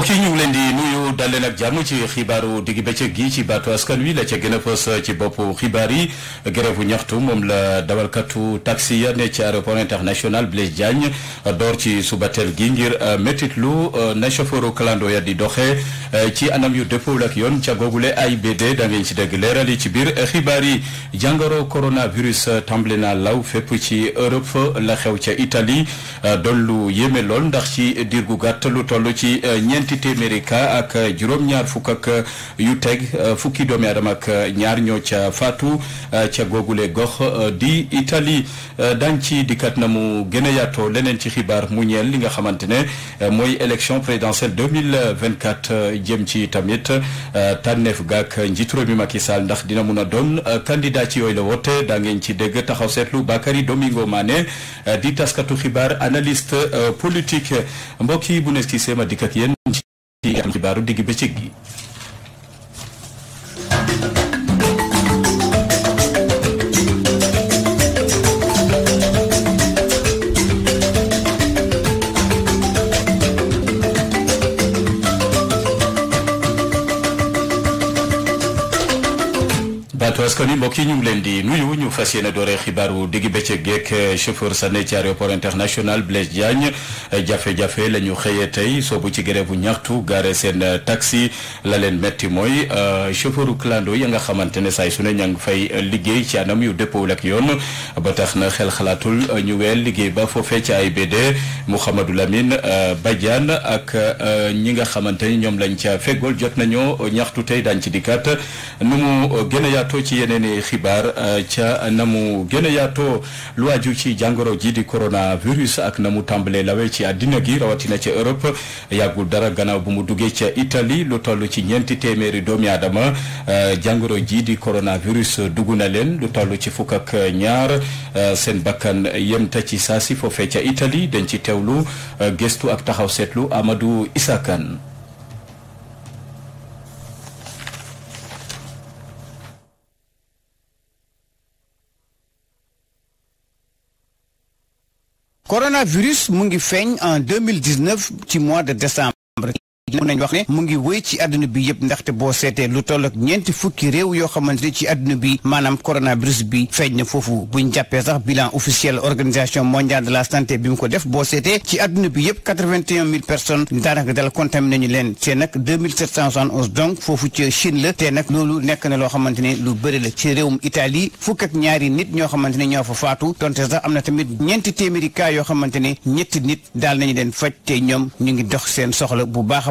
mbokk ñu leen di Sow dal leen ak jàmm ci xibaaru digg bëccëg gi ci baatu askan wi la ca gën a fës ci boppu xibaar yi ñaxtu moom la dawalkatu taxi ya ne ci aéroport international Blaise Diagne door ci subatel gi ngir euh, métitlu euh, na chauffeuru clando ya di doxee euh, ci anam yu dëppoo ak yoon ca googule AIBD da ngeen ci dégg leeral yi ci biir xibaar yi jàngoro coronavirus tàmbali na law fépp ci Europe la xew ca Italie doon lu yéeme lool ndax ci diir gu lu toll ci ñeenti téeméeri ak juróom-ñaar fukk ak uh, yu teg uh, fukki doomi aadama uh, ñaar ñoo ca faatu ca googule gox di Italie daañ ci dikkat na mu gën a yaatoo leneen ci xibaar mu ñeel li nga xamante ne mooy élection présidentielle 2024 jëm ci tamit tànneef gak njiitu réew mi Macky Sall ndax dina mun a doon candidat ci yooyu la wote daa ngeen ci dégg taxaw seetlu Bakary Domingo Mané di taskatu xibaar analyste politique mbokk yi bu nekk ci seema yi nga am ci baaru bëccëg gi baatu askan wi mbokk yi ñu leen di nuyu ñu fas yéene doore xibaaru digg bëccëg geek eh, chauffeur Sané ci aéroport international Blaise Diagne jafe-jafe la ñu xëyee tey soobu ci grève bu ñaxtu gaare seen taxi la leen metti mooy euh, chauffeuru clando ya nga xamante ne saay su ne fay liggéey ci anam yu dëppoowul ak yoon ba tax na xel xalaatul ñu weel liggéey ba foofee ci AIBD Mouhamadou Lamine euh, Badiane ak euh, ñi nga xamante ni ñoom lañ ca feggool jot nañoo ñaxtu tey daañ ci dikkaat nu mu gën yaatoo ci yeneen xibaar ca na mu gën a yaatoo lu ci jàngoro ji di coronavirus ak na mu tàmbalee lawe ci àddina gi rawatina ca Europe yàggul dara gannaaw bu mu duggee ca itali lu toll ci ñeenti téeméeri doomi aadama euh, jàngoro ji di coronavirus dugg na leen lu toll ci fukk ak ñaar euh, seen bakkan yem ci saasi foofee ca Italie dañ ci teewlu euh, gëstu ak taxaw seetlu amadu Issa coronavirus mu ngi feeñ en 2019 ci mois de décembre mën nañ wax ne mu ngi wéy ci àdduna bi yëpp ndaxte boo seetee lu toll ak ñeenti fukki réew yoo xamante ci àdduna bi maanaam coronavirus bi feeñ na foofu buñ jàppee sax bilan officiel organisation mondiale de la santé bi ko def boo seetee ci àdduna bi yëpp daanaka dal contaminé nañu leen te nag onze donc foofu ci Chine la te nag loolu nekk na loo xamante lu bëri la ci réewum Italie fukk ak ñaari nit ñoo xamante ñoo fa faatu donte sax am na tamit ñeenti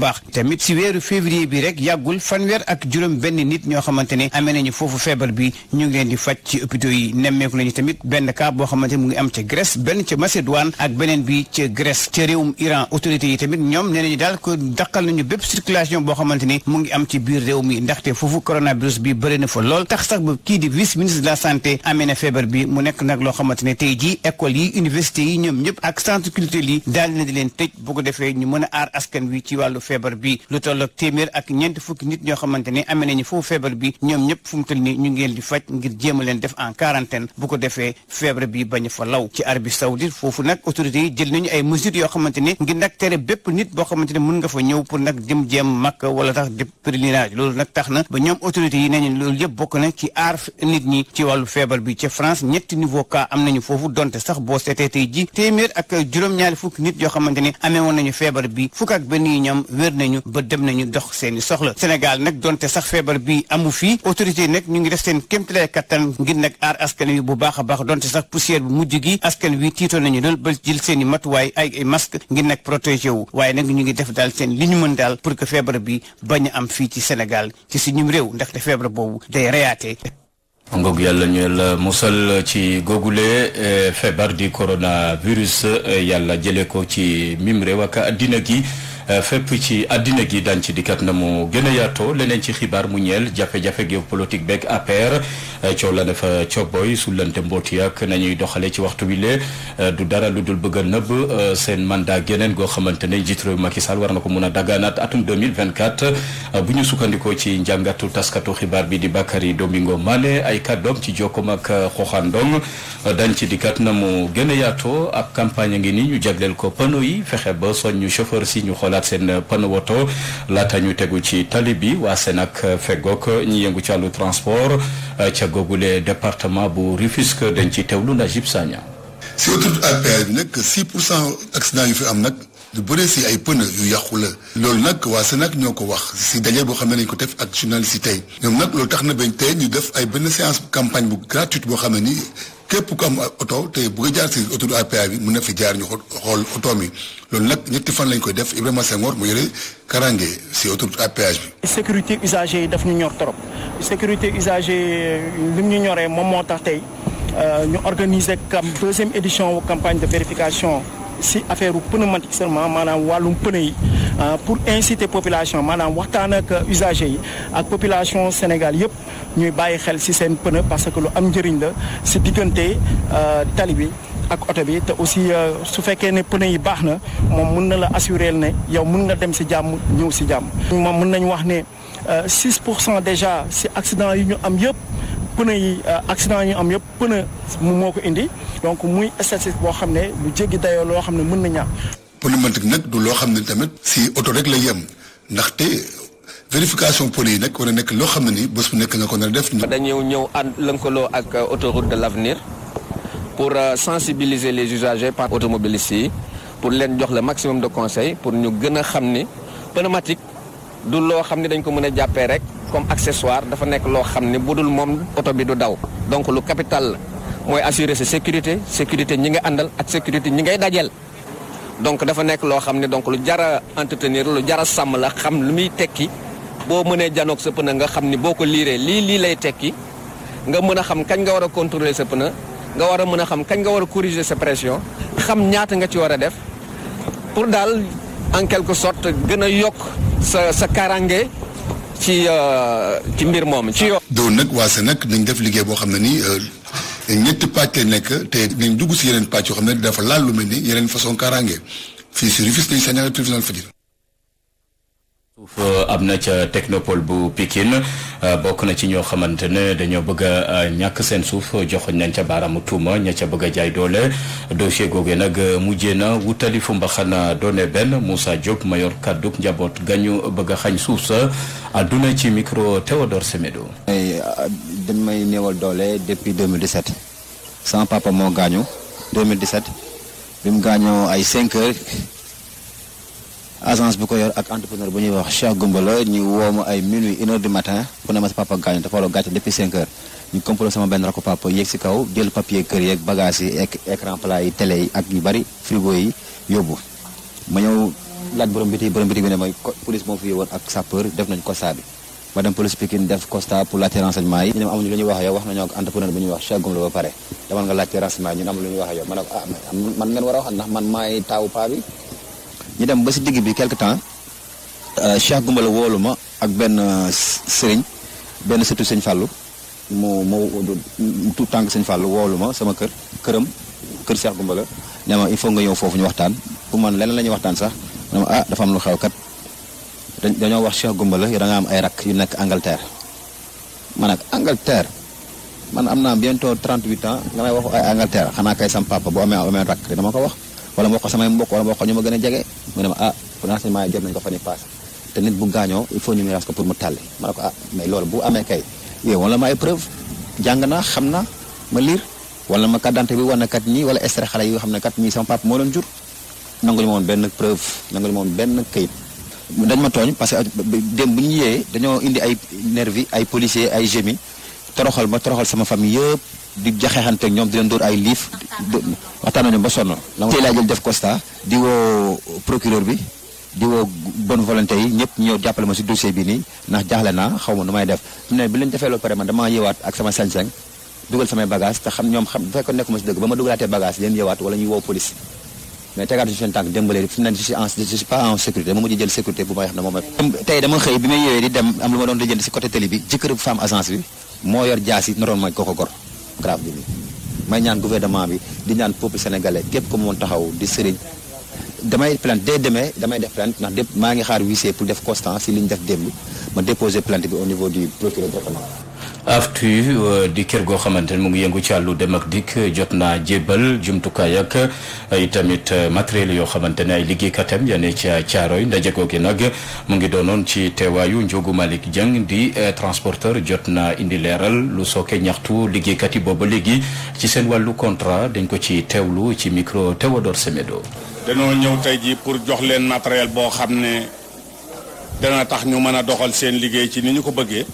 baax tamit si weeru février bi rek yàggul fanweer ak juróom benn nit ñoo xamante ne amee nañu foofu feebar bi ñu ngi leen di faj ci hôpitaux yi nemmeeku lañu tamit boo xamante mu ngi am ca bi ca Grèce ca réewum Iran autorités yi tamit ñoom nee nañu daal ko daqal nañu bépp circulation boo xamante mu ngi am ci biir réew mi ndaxte foofu coronavirus bi bëri fa lool tax sax ba kii di vice ministre de la santé amee na feebar bi mu nekk nag loo xamante ne tey jii école yi université yi ñoom ñëpp ak centre culturel yi daal a feebar bi lu tolloog téeméer ak ñeent fukki nit ñoo xamante ne amee nañu foofu feebar bi ñoom ñëpp fu mu toll yi jël nañu yoo xamante ne ngir nag tere bépp nit boo xamante ne mën nga fa ñëw pour nag dem jéem màkk wala tax di pèlerinage loolu nag na ba ñoom autorités yi nañu loolu yëpp bokk na ci aar nit ñi ci wàllu feebar bi ci France ñetti niveau cas am nañu foofu donte sax boo seetee tey ji téeméer ak juróom-ñaari fukki nit yoo xamante ne amee woon nañu feebar bi fukk benn ñoom wér nañu ba dem nañu dox seeni soxla Sénégal nag donte sax feebar bi amu fii autorité nag ñu ngi def seen kéemtalaay kattan ngir nag aar askan wi bu baax a baax donte sax poussière bu mujj gi askan wi tiitoo nañu lool ba jël seeni i matuwaay ay ay masque ngir nag protéger wu waaye nag ñu ngi def daal seen li ñu mën daal pour que feebar bi bañ am fii ci Sénégal ci suñu réew ndaxte feebar boobu day reyaatee ngoog yàlla ñu la musal ci googule e, feebar di coronavirus e, yàlla jële ko ci mim réew ak àddina Euh, fépp ci àddina gi daan ci dikkat na mu gën a yaatoo leneen ci xibaar mu ñeel jafe-jafe géopolitique beeg APR euh, coow la ne fa cooboy sullante mbooti ak ñuy doxale ci waxtu bi le euh, du dara lu dul bëgg a nëbb seen mandat geneen goo xamante ne njiit réew Macky Sall war na ko mun a dagaanaat atum 2024 bu ñu sukkandikoo ci njàngatu taskatu xibaar bi di Bakary Domingo Mané ay kàddoom ci jokkoom ak xoxandong dañ ci dikkat na mu gën a yaatoo ab campagne ngi ni ñu jagleel ko panneau yi defaraat seen panne woto laata ñu tegul ci tali bi waa Sénac feggoog ñu yëngu ci wàllu transport euh, ca googule département bu Rufisque dañ ci teewlu Najib Sagna. si autoroute à péage bi nag 6 pour cent fi am nag. lu bëree si ay pneu yu yàqu la loolu nag waa Sénac ñoo ko wax si daje boo xam ne nañ ko def ak journaliste yi tey ñoom nag loolu tax na bañ tey ñu def ay benn séance campagne bu gratuite boo xam ne nii képp ku am oto te bëgg jaar si autoroute à péage bi mën na fi jaar ñu xool oto mi loolu nag ñetti fan lañ koy def Ibrahima Senghor mu yore karange si autoroute à bi. sécurité usagers yi daf ñu ñor trop sécurité usagers lim ñu ñoree moom moo tax tey euh, ñu organiser kam deuxième édition campagne de vérification si affaire pneumatique seulement maanaam wàllum pneu yi. Euh, pour inciter population maanaam waxtaan ak usagers yi ak population Sénégal yëpp ñuy bàyyi xel ci seen pneu parce que lu am njëriñ la si diggante euh, tali bi ak oto bi te aussi euh, su fekkee ne pneu yi baax na moom mun na la assurer ne yow mun nga dem ci jàmm ñëw ci jàmm. moom mën nañu wax ne 6 pour cent déjà si accident yi ñu am yëpp. pneu yi accident yi ñu am yëpp mu moo ko indi donc muy statistique boo xam ne lu jéggi dayoo loo xam ne mën na ñàkk pneumatique nag du loo xam ne tamit si oto rek la yem ndaxte vérification pneu yi nag war a nekk loo xam ne nii bés nekk nga ko nar a def. dañu ñëw ànd lëkkaloo ak autoroute de l'avenir pour euh, sensibiliser les usagers par automobilistes yi pour leen jox la maximum de conseil pour ñu gën a xam ni pneumatique du loo xam ne dañ ko mën a jàppee rek comme accessoire dafa nekk loo xam ne bu dul moom oto bi du daw donc lu capital la mooy assurer sa sécurité sécurité ñi nga àndal ak sécurité ñi ngay dajeel. donc dafa nekk loo xam ne donc lu jar a entretenir lu jar a sàmm la xam lu muy tekki boo mënee janook sa pneu nga xam ni boo ko liiree lii lii lay tekki nga mën a xam kañ nga war a contrôler sa pneu nga war a mën a xam kañ nga war a corriger sa pression xam ñaata nga ci war a def pour daal en quelque sorte gën a yokk sa sa karange ci euh, ci mbir moom ci yoon. doo nag waa nag nañ def liggéey boo xam ne nii. Euh, ñetti pàcc lay nekk te dañ dugg si yeneen pàcc yoo xam ne dafa laal lu mel ni yeneen façon kaaraange fii si Rufisque dañu sañal tribunal Fajir suuf euh, am na ca technopole bu Pikine euh, bokk na ci ñoo xamante ne dañoo bëgg euh, ñàkk seen suuf joxoñ nañ ca baaraamu tuuma ña ca bëgg a jaay doole dossier googee nag mujjee na wutali fu mbaxana doone benn Moussa Diop mayor kàdduk njaboot gañu bëgg xañ suuf sa àdduna ci micro Théodore Semedo. dañ may néewal doole depuis 2017 sama papa moo gaañu 2017 bi mu gaañoo ay 5 heures. agence bu ko yor ak entrepreneur bu ñuy wax Cheikh Gumbala ñu woo ay minuit une matin pour ne ma sa papa gaañu dafa a gàcce depuis 5 ñu complot sama benn rakku papa yéeg si kaw jël papier kër yeeg bagages yi ak écran plat yi télé yi ak yu bari frigo yi yóbbu ma ñëw laaj borom biti borom biti bi ne mooy police moo fi woon ak sapeur def nañ constat bi ma dem police Pikine def constat pour laajte renseignement yi ñu ne wax yow wax nañoo am lu wax yow ñu dem ba si digg bi quelque temps euh, Cheikh Gumbala woolu ma ak benn euh, sëriñ benn sëtu sëñ fàllu mu mu tout tànk sëñ Fallou woolu ma sama kër këram kër Cheikh Gumbala ne ma il faut nga ñëw foofu ñu waxtaan pour man leneen la ñuy waxtaan sax ne ah dafa am lu xew kat dañoo wax Cheikh Gumbala yow da am ay rakk yu nekk Angleterre man ak Angleterre man am naa bientôt 38 ans nga may wax ay Angleterre xanaa kay sam papa bu amee amee rakk dama ko wax. wala ma wax ko samay mbokk wala ma wax ko ñu ma gën a jege mu ne ma ah renseignement yi jot nañu ko fan yi paase te nit bu gaañoo il faut ñu ko pour mu tàlli ma ne ko ah mais loolu bu amee kay yow wala ma ay preuve jàng naa xam na ma liir wala ma carte d'identité bi war na kat ñii wala extrait xale yoo xam ne kat ñii sama papa moo leen jur nangu li ma woon benn preuve nangu li ma benn kayit dañ ma tooñ parce que dem bu ñu yee dañoo indi ay nervi ay policier ay gémi toroxal ma toroxal sama famille di jaxeexante ak ñoom di leen dóor ay liif waxtaan nañu ba sonn def constat di woo procureur bi di woo bonne volonté yi ñëpp ñëw jàppale ma si dossier bi nii ndax jaaxle naa xaw ma nu may def mu ne bi leen defee loolu pare man damaa yëwaat ak sama sañ si dëgg ba ma dugalaatee bagage leen yëwaat wala ñuy woo police mais tegaatuñu seen tànk démbalee fi ne je pas en sécurité ma mujj jël sécurité bu may xam ne moo yor jaas yi naroon mooy gor grave bi nii may ñaan gouvernement bi di ñaan peuple sénégalais képp ko moon taxaw di sëriñ damay plainte dès demain damay def plainte ndax dépp maa ngi xaar huissier pour def constat si li ñu def démb ma déposer plainte bi au niveau du procureur départemental aftu euh, di kër goo xamante ni mu ngi yëngu ci àllu dem ak dikk jot naa jébal jumtukaay ak ay euh, tamit euh, matériel yoo xamante ne ay liggéeykatam ya ne ca Caaroy ndaje googu nag mu ngi doonoon ci teewaayu Njogu Malick Dieng di transporteur jot naa indi leeral lu sooke ñaxtu liggéeykat yi booba léegi ci seen wàllu contrat dañ ko ci teewlu ci micro Théodore Semedo. danoo ñëw tey jii pour jox leen matériel boo xam ne dana tax ñu mën a doxal seen liggéey ci ni ñu ko bëggee.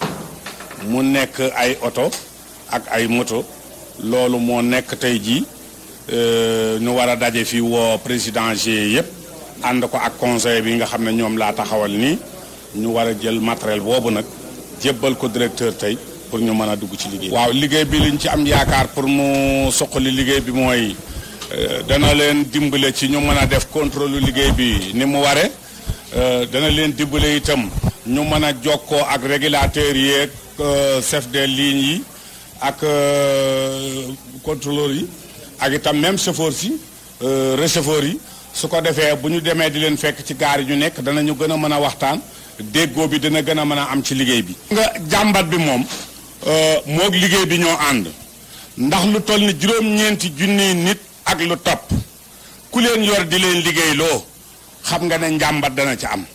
mu nekk ay oto ak ay moto loolu moo nekk tey jii euh, ñu war a daje fi woo président GIE yëpp ànd ko ak conseil bi nga xam ne ñoom laa taxawal nii ñu war a jël matériel boobu nag jébbal ko directeur tey pour ñu mën a dugg ci liggéey waaw liggéey bi liñ ci am yaakaar pour mu soqali liggéey bi mooy euh, dana leen dimbale ci ñu mën a def contrôle liggéey bi ni mu ware euh, dana leen dimbale itam ñu mën a jokkoo ak régulateurs yeeg Euh, chef de ligne yi ak euh, contrôleur yi ak itam même chauffeur si euh, receveur yi su ko defee bu ñu demee di leen fekk ci gaar yi ñu nekk danañu gën a mën a waxtaan déggoo bi dana gën a mën a am ci liggéey bi. nga jàmbat bi moom moog liggéey bi ñoo ànd ndax lu toll ni juróom-ñeenti junniy nit ak lu topp ku leen yor di leen liggéeyloo xam nga ne njàmbat dana ci am.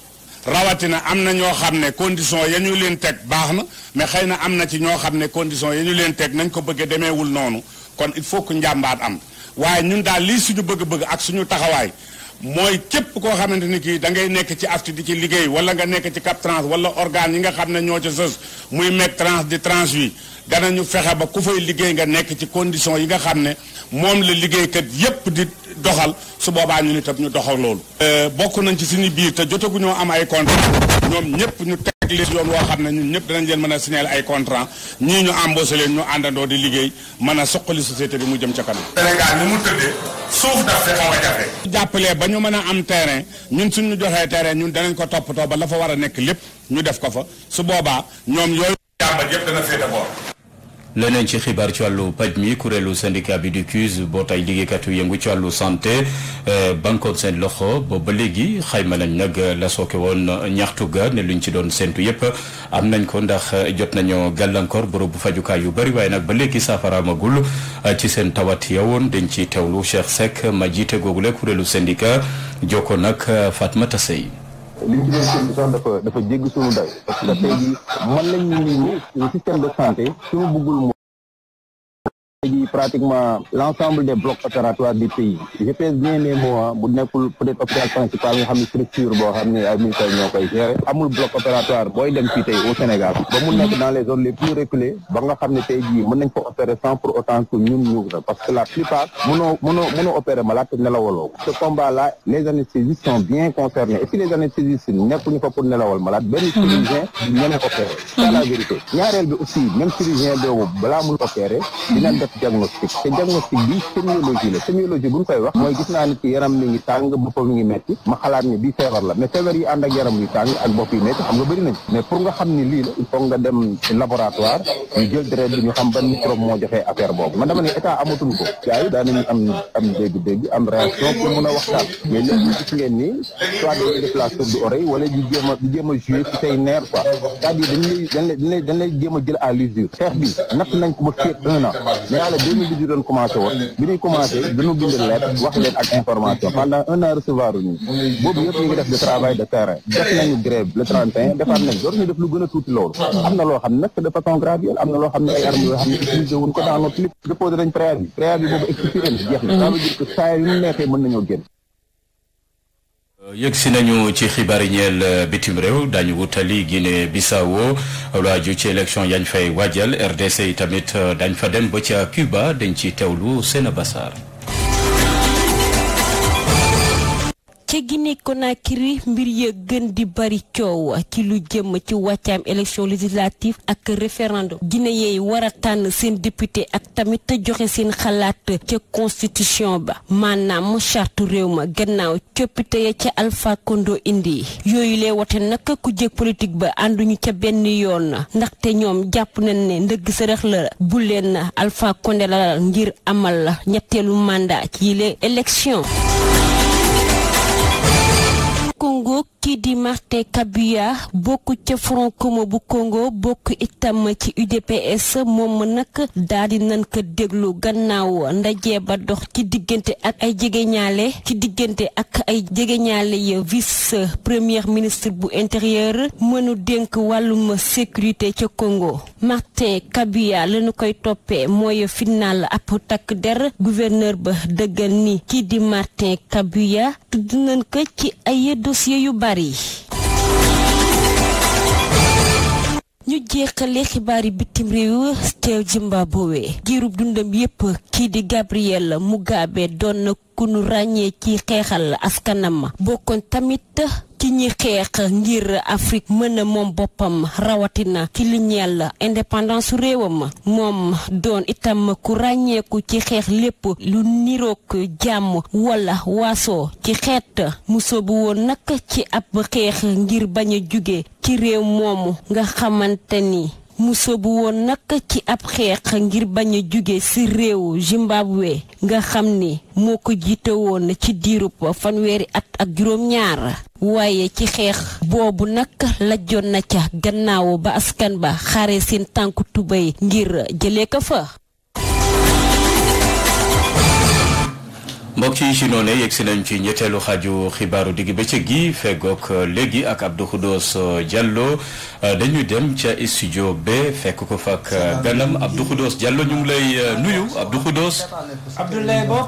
rawatina am na ñoo xam ne condition ya ñu leen teg baax na mais xëy na am na ci ñoo xam ne condition ya ñu leen teg nañ ko bëggee demeewul noonu kon il faut que njàmbaat am waaye ñun daal lii suñu bëgg-bëgg ak suñu taxawaay mooy képp koo xamante ni kii da ngay nekk ci afti di ci liggéey wala nga nekk ci cap trans wala organe yi nga xam ne ñoo ca sës muy mec trans di trans wi dana ñu fexe ba ku fay liggéey nga nekk ci condition yi nga xam ne moom la liggéeykat yépp di doxal su boobaa ñu ni tam ñu doxal loolu euh, bokk nañ ci suñu biir te jotaguñoo am ay contrat ñoom ñëpp ñu teg leen yoon woo xam ne ñun ñëpp danañ leen mën a signaler ay contrat ñii ñu embauché leen ñu àndandoo di liggéey mën a soqali société bi mu jëm ca kanam Sénégal ni mu ba ñu mën a am terrain ñun suñu joxee terrain ñun danañ ko toppatoo ba la fa war a nekk lépp ñu def ko fa su boobaa ñoom yooyu jàmbat yëpp dana féete boor leneen ci xibaar ci wàllu paj mi kuréelu syndicat bi di CUS bootaay liggéeykat yu yëngu ci wàllu santé eh, bankoon seen loxo booba ba léegi xayma nañ nag la sooke woon ñaxtu ga ne luñ ci doon séntu yëpp am nañ ko ndax jot nañoo gàllankoor bërëb bu fajukaay yu bëri waaye nag ba léegi saafaraamagul eh, ci seen tawat yawoon dañ ci teewlu Cheikh Seck ma jiite googule kuréelu syndicat jokkoo nag eh, Fatma Tasey li ñu ci doon séntu dafa dafa jégg suñu day parce que tey jii mën nañ système de santé suñu bëggul pratiquement l'ensemble des blocs opératoires du pays je bien mes mots nekkul peut-être hôpital principal amul bloc opératoire booy dem fii tey au Sénégal ba nekk dans les zones les plus reculées ba nga xam ne tey jii mën nañ ko opérer sans pour autant que ñun ñu parce que la plupart mënoo mënoo mënoo opérer malade te nelawaloo ce combat là les anesthésistes sont bien concernés et puis les anesthésistes nekkuñu fa pour nelawal malade benn chirurgien ñeme opérer c'est la vérité def diagnostic te diagnostic bi sémiologie la sémiologie bu ñu koy wax mooy gis naa ni ci yaram mi ngi tàng boppam ngi metti ma xalaat ni bii feebar la mais feebar yi ànd ak yaram yu tàng ak bopp yu metti xam nga bëri nañ mais pour nga xam ni lii la il faut nga dem ci laboratoire ñu jël deret bi ñu xam ban microbe moo joxee affaire boobu ma dama ne état amatul ko gars yi daanañu am am dégg-dégg am réaction pour mun a waxtaan mais léegi gis ngeen ni soit dañuy def la sourde oreille wala ñu a ñu a jouer ci say nerf quoi cest xeex bi natt ko ba naa la deux mille dix-huit doon commencé woon bi ñuy commencé dañu bind lettre wax leen ak information pendant un an recevoir ñu boobu yëpp ñu ngi def de travail de terrain def nañu grève le 31 defaat nañ door ñu def lu gën a tuuti loolu am na loo xam ne nag de façon graduelle am na loo xam ne ay armes yoo xam ne utilisé wuñ ko dans notre clip déposé nañ préavis préavis boobu expiré jeex na ça veut dire neexee mën nañoo génn yëg si nañu ci xibaar i ñeel euh, bitim réew dañu wutali Guinée Bissau laaju ci élection yañ fay waajal RDC yi tamit euh, dañ fa dem ba ca Cuba dañ ci teewlu Sena Bassar ca Guinée Conakry mbir ya gën di bari coow ci lu jëm ci wàccaam élection législative ak référendum Guinée yeey war tànn seen député ak tamit joxe seen xalaat ca constitution ba maanaam charte réew ma gannaaw coppite ya ca Alpha Condé indi yooyu lee wote nag ku jëkk politique ba ànduñu ca benn yoon ndaxte ñoom jàpp nañ ne ndëgg sërëx la bu leen Alpha Condé la ngir amal la ñetteelu mandat yi yile élection Congo kii di Martin Kabuya bokk ca Front Commun bu Congo bokk itam ci UDPS moom nag daal di nan ko déglu gannaaw ndaje ba dox ci diggante ak ay jegeñaale ci diggante ak ay jegeñaale ya vice premier ministre bu intérieur mënu dénk wàllum sécurité ca Congo Martin Kabuya lañu koy toppee mooy final ab takk der gouverneur ba dëggal ni kii di Martin Kabuya tudd nañ ko ci ay dossier yu ñu jeexale xibaar bitim réew teew Zimbabwe giirub dundam yépp ki di Gabriel Mugabe doon na ku nu ràññee ci xeexal askanam bokkoon tamit ci ñi xeex ngir Afrique mën a moom boppam rawatina ci li ñeel indépendance su réewam moom doon itam ku ràññeeku ci xeex lépp lu niroog jàmm wala waaso ci xeet muso bu woon nag ci ab xeex ngir bañ a juge ci réew moomu nga xamante ni mu woon nag ci ab xeex ngir bañ a jóge ci réew Zimbabwe nga xam ni moo ko jiite woon ci diirub fanweeri at ak juróom-ñaar waaye ci xeex boobu nag lajjoon na ca gannaaw ba askan ba xare seen tànku tubéy ngir jëlee ko fa. mbokk yi ci noonu yegg si nañ ci ñetteelu xaaju xibaaru digg bëccëg gii feggoog euh, léegi ak Abdou Khoudous euh, Diallo euh, dañu dem ca studio B fekk ko fa ak ganam Abdou Khoudous Diallo ñu ngi lay nuyu Abdou Khoudous. Abdoulaye Bo.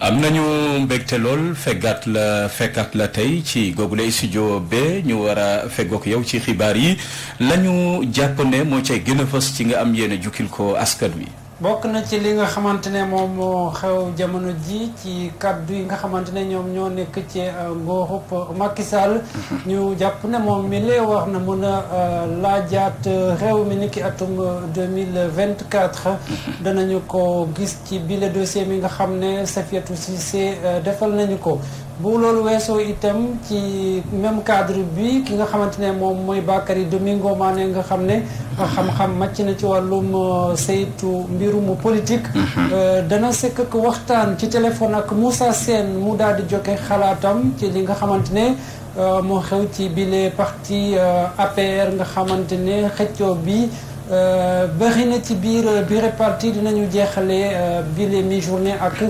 am nañu mbégte lool feggaat la fekkaat la tey ci googule studio B ñu war a feggoog yow ci xibaar yi lañu jàpp ne moo cay gën a fës ci nga am yenn a jukkil ko askan wi. bokk na ci li nga xamante ne moom moo xew jamono ji ci kàddu yi nga xamante ne ñoom ñoo nekk ci euh, nguurub Macky Sall ñu jàpp ne moom mi lee wax na mën a euh, laajaat réew mi ni ki atum 2024 euh, danañu ko gis ci bile dossier mi nga xam ne si Cissé defal nañu ko bu loolu weesoo itam ci même cadre bi ki nga xamante ne moom mooy Bakary Domingo Mané nga xam ne mhm. xam-xam màcc na ci wàllum euh, saytu mbirum politique mhm. euh, dana sekk ko waxtaan ci téléphone ak Moussa Sène mu daal di joge xalaatam ci li nga xamante ne euh, moo xew ci bile parti APR nga xamante ne xëccoo bi bëri na ci biir biir parti dinañu jeexale bile mi journée ak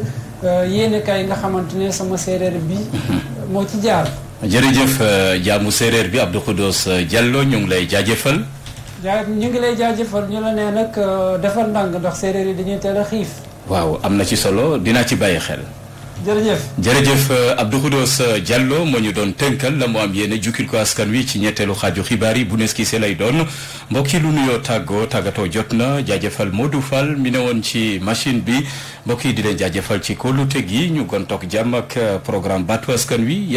Euh, yéen kay nga xamante ne sama séeréer bi moo ci jaar. jërëjëf euh, jaamu séeréer bi Abdou Khoudoss euh, Diallo ñu ngi lay jaajëfal. jaa ñu ngi lay jaajëfal ñu la nee nag defar ndànk ndax séeréer yi dañuy teel a xiif. waaw am na ci solo dinaa ci bàyyi xel. jërëjëf jërëjëf euh, Abdou Khoudoss euh, Diallo moo ñu doon tënkal la mu am yenn jukkil ko askan wi ci ñetteelu xaaju xibaar yi bu neski see lay doon mbokki lu nuyoo tàggoo tàggatoo jot na jaajëfal Modou Fall mi ne woon ci machine bi mbokki di leen jaajëfal ci kóolute gi ñu gon toog jàmm ak euh, programme Batu askan wi